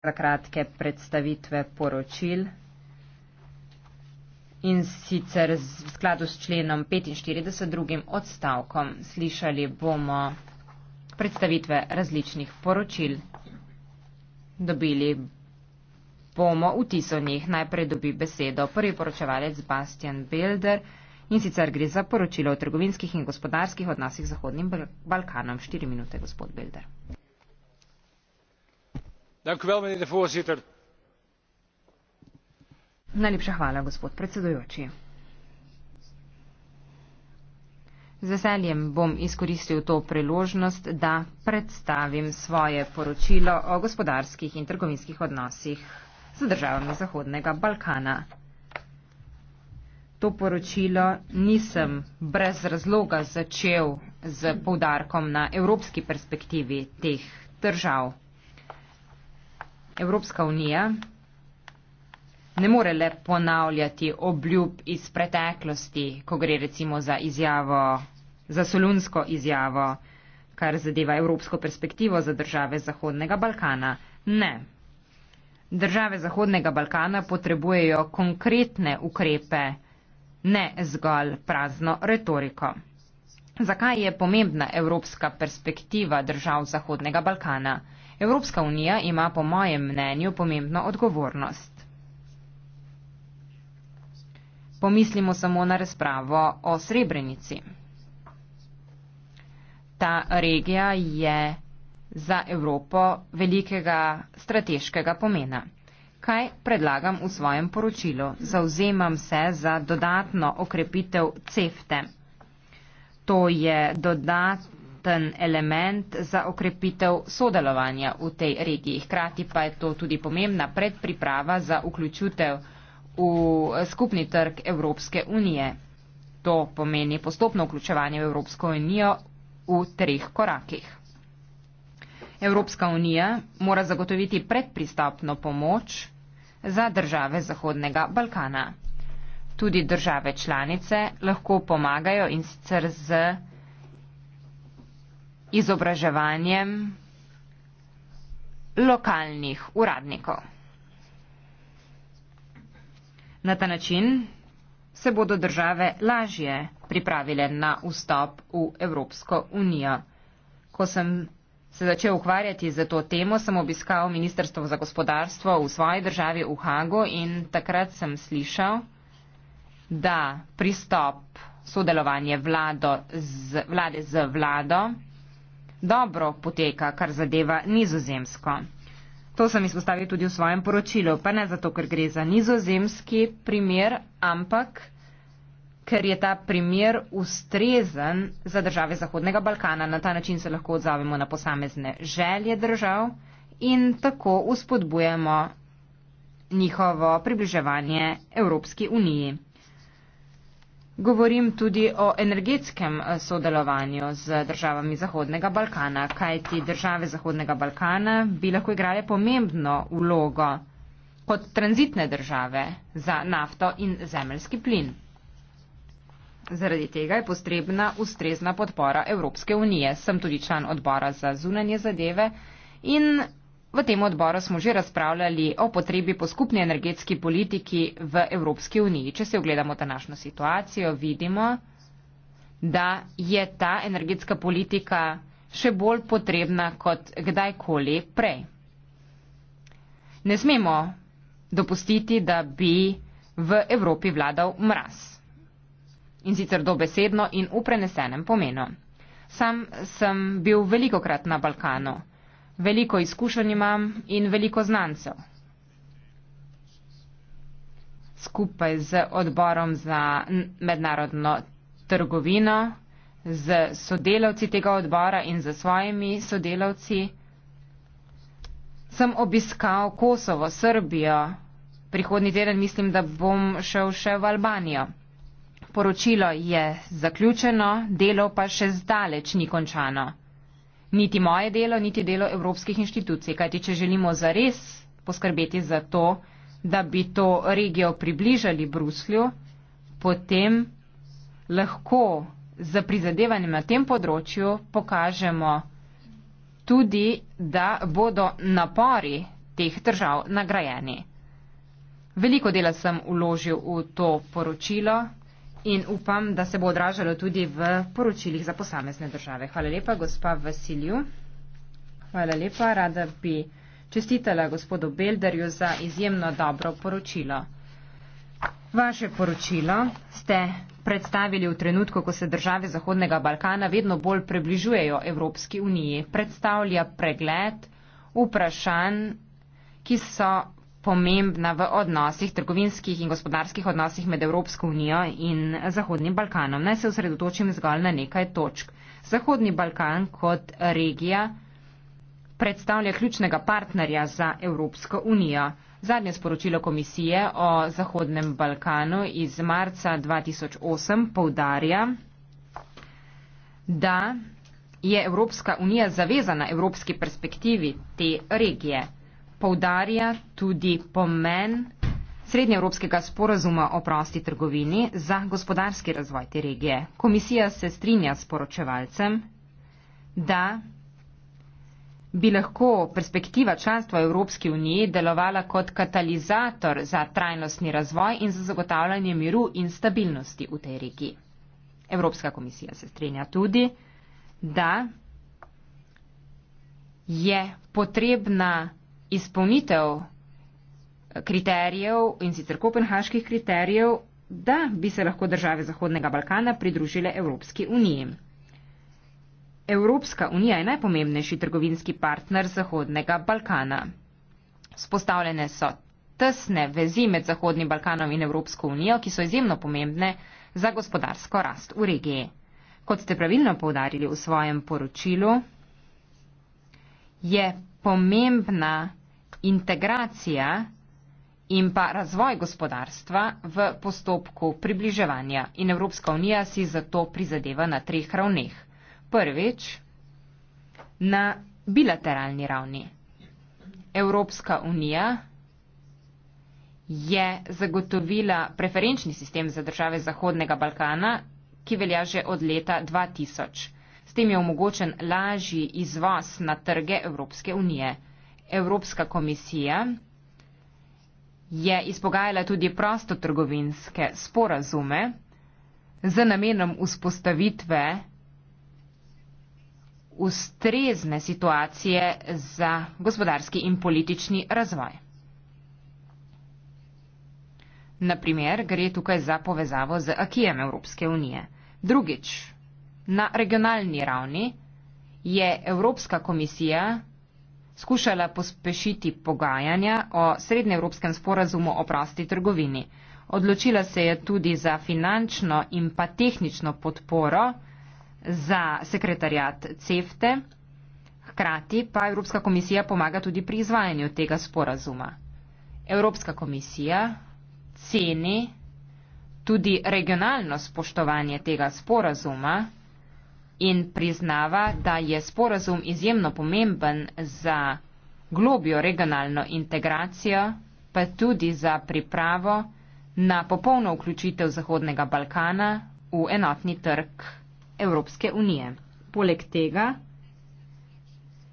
kratke predstavitve poročil. In sicer v skladu s členom 45. drugim odstavkom slišali bomo predstavitve različnih poročil. Dobili bomo vtis o njih. Najprej dobi besedo prvi poročevalec Bastian Bilder in sicer gre za poročilo o trgovinskih in gospodarskih odnosih z Zahodnim Balkanom. 4 minute, gospod Bilder najlepša hvala gospod predsedujoči z veseljem bom izkoristil to priložnost da predstavim svoje poročilo o gospodarskih in trgovinskih odnosih z državami zahodnega balkana To poročilo nisem brez razloga začel z poudarkom na evropski perspektivi teh držav. Evropska unija ne more le ponavljati obljub iz preteklosti, ko gre recimo za izjavo, za solunsko izjavo, kar zadeva evropsko perspektivo za države Zahodnega Balkana. Ne. Države Zahodnega Balkana potrebujejo konkretne ukrepe, ne zgolj prazno retoriko. Zakaj je pomembna evropska perspektiva držav Zahodnega Balkana? Evropska unija ima po mojem mnenju pomembno odgovornost. Pomislimo samo na razpravo o Srebrenici. Ta regija je za Evropo velikega strateškega pomena. Kaj predlagam v svojem poročilu? Zauzemam se za dodatno okrepitev CEFTE. To je dodaten element za okrepitev sodelovanja v tej regiji. Hkrati pa je to tudi pomembna predpriprava za vključitev v skupni trg Evropske unije. To pomeni postopno vključevanje v Evropsko unijo v treh korakih. Evropska unija mora zagotoviti predpristopno pomoč za države Zahodnega Balkana tudi države članice lahko pomagajo in sicer z izobraževanjem lokalnih uradnikov. Na ta način se bodo države lažje pripravile na vstop v Evropsko unijo. Ko sem se začel ukvarjati z to temo, sem obiskal Ministrstvo za gospodarstvo v svoji državi v Hagu in takrat sem slišal, da pristop sodelovanje z, vlade z vlado dobro poteka, kar zadeva nizozemsko. To sem izpostavil tudi v svojem poročilu, pa ne zato, ker gre za nizozemski primer, ampak ker je ta primer ustrezen za države Zahodnega Balkana. Na ta način se lahko odzovemo na posamezne želje držav in tako uspodbujemo njihovo približevanje Evropski uniji. Govorim tudi o energetskem eh, sodelovanju z državami Zahodnega Balkana, kajti države Zahodnega Balkana bi lahko igrale pomembno vlogo kot tranzitne države za nafto in zemeljski plin. Zaradi tega je potrebna ustrezna podpora Evropske unije. Sem tudi član odbora za zunanje zadeve in V tem odboru smo že razpravljali o potrebi po skupni energetski politiki v Evropski uniji. Če se ogledamo današnjo situacijo, vidimo, da je ta energetska politika še bolj potrebna kot kdajkoli prej. Ne smemo dopustiti, da bi v Evropi vladal mraz. In sicer dobesedno in v prenesenem pomenu. Sam sem bil velikokrat na Balkanu. Veliko izkušenj imam in veliko znancev. Skupaj z odborom za mednarodno trgovino, z sodelavci tega odbora in z svojimi sodelavci sem obiskal Kosovo, Srbijo. Prihodni teden mislim, da bom šel še v Albanijo. Poročilo je zaključeno, delo pa še zdaleč ni končano niti moje delo, niti delo evropskih inštitucij. Kajti, če želimo zares poskrbeti za to, da bi to regijo približali Bruslju, potem lahko za prizadevanje na tem področju pokažemo tudi, da bodo napori teh držav nagrajeni. Veliko dela sem uložil v to poročilo, in upam, da se bo odražalo tudi v poročilih za posamezne države. Hvala lepa, gospa Vasilju. Hvala lepa, rada bi čestitala gospodu Belderju za izjemno dobro poročilo. Vaše poročilo ste predstavili v trenutku, ko se države Zahodnega Balkana vedno bolj približujejo Evropski uniji. Predstavlja pregled vprašanj, ki so pomembna v odnosih, trgovinskih in gospodarskih odnosih med Evropsko unijo in Zahodnim Balkanom. Naj se osredotočim zgolj na nekaj točk. Zahodni Balkan kot regija predstavlja ključnega partnerja za Evropsko unijo. Zadnje sporočilo komisije o Zahodnem Balkanu iz marca 2008 poudarja, da je Evropska unija zavezana evropski perspektivi te regije poudarja tudi pomen srednjeevropskega sporazuma o prosti trgovini za gospodarski razvoj te regije. Komisija se strinja s poročevalcem, da bi lahko perspektiva članstva Evropske unije delovala kot katalizator za trajnostni razvoj in za zagotavljanje miru in stabilnosti v tej regiji. Evropska komisija se strinja tudi, da je potrebna izpolnitev kriterijev in sicer kopenhaških kriterijev, da bi se lahko države Zahodnega Balkana pridružile Evropski uniji. Evropska unija je najpomembnejši trgovinski partner Zahodnega Balkana. Spostavljene so tesne vezi med Zahodnim Balkanom in Evropsko unijo, ki so izjemno pomembne za gospodarsko rast v regiji. Kot ste pravilno poudarili v svojem poročilu, je pomembna integracija in pa razvoj gospodarstva v postopku približevanja. In Evropska unija si zato prizadeva na treh ravneh. Prvič, na bilateralni ravni. Evropska unija je zagotovila preferenčni sistem za države Zahodnega Balkana, ki velja že od leta 2000. S tem je omogočen lažji izvoz na trge Evropske unije. Evropska komisija je izpogajala tudi prostotrgovinske sporazume z namenom vzpostavitve ustrezne situacije za gospodarski in politični razvoj. Naprimer, gre tukaj za povezavo z akijem Evropske unije. Drugič, na regionalni ravni je Evropska komisija skušala pospešiti pogajanja o srednjeevropskem sporazumu o prosti trgovini. Odločila se je tudi za finančno in pa tehnično podporo za sekretarjat CEFTE, hkrati pa Evropska komisija pomaga tudi pri izvajanju tega sporazuma. Evropska komisija ceni tudi regionalno spoštovanje tega sporazuma, in priznava, da je sporazum izjemno pomemben za globjo regionalno integracijo, pa tudi za pripravo na popolno vključitev Zahodnega Balkana v enotni trg Evropske unije. Poleg tega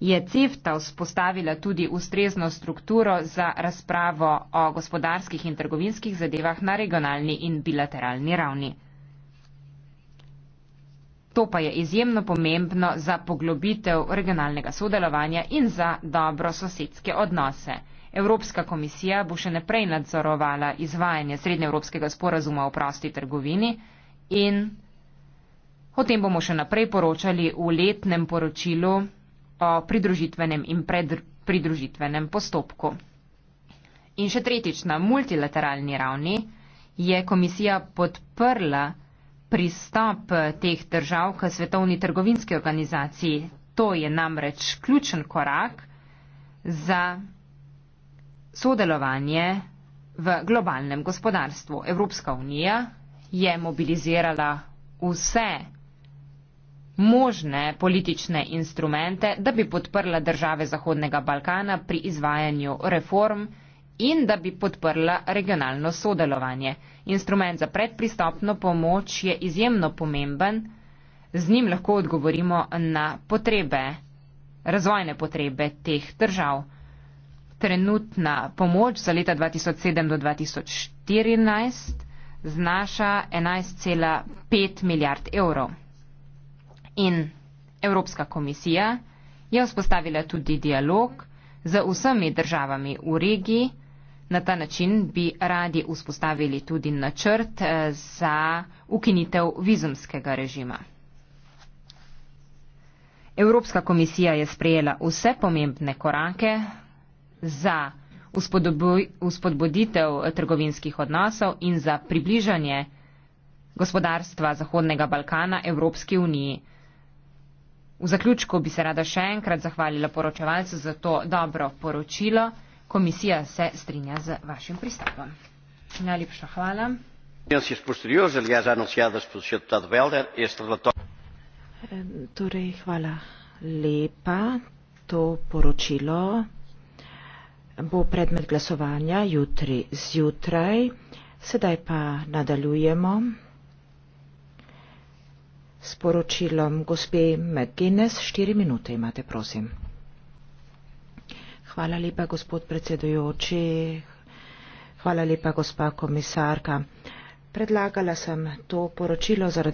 je CEFTA vzpostavila tudi ustrezno strukturo za razpravo o gospodarskih in trgovinskih zadevah na regionalni in bilateralni ravni. To pa je izjemno pomembno za poglobitev regionalnega sodelovanja in za dobro sosedske odnose. Evropska komisija bo še naprej nadzorovala izvajanje srednjeevropskega sporazuma o prosti trgovini in o tem bomo še naprej poročali v letnem poročilu o pridružitvenem in predpridružitvenem postopku. In še tretjič, na multilateralni ravni je komisija podprla pristop eh, teh držav k svetovni trgovinski organizaciji. To je namreč ključen korak za sodelovanje v globalnem gospodarstvu. Evropska unija je mobilizirala vse možne politične instrumente, da bi podprla države Zahodnega Balkana pri izvajanju reform, in da bi podprla regionalno sodelovanje. Instrument za predpristopno pomoč je izjemno pomemben, z njim lahko odgovorimo na potrebe, razvojne potrebe teh držav. Trenutna pomoč za leta 2007 do 2014 znaša 11,5 milijard evrov. In Evropska komisija je vzpostavila tudi dialog z vsemi državami v regiji, Na ta način bi radi vzpostavili tudi načrt eh, za ukinitev vizumskega režima. Evropska komisija je sprejela vse pomembne korake za vzpodboditev eh, trgovinskih odnosov in za približanje gospodarstva Zahodnega Balkana Evropski uniji. V zaključku bi se rada še enkrat zahvalila poročevalcu za to dobro poročilo. Komisija se strinja z vašim pristopom. Najlepša hvala. Eh, torej, hvala lepa. To poročilo bo predmet glasovanja jutri zjutraj. Sedaj pa nadaljujemo s poročilom gospe McGuinness. Štiri minute imate, prosim. Hvala lepa, gospod predsedujoči. Hvala lepa, gospa komisarka. Predlagala sem to poročilo zaradi.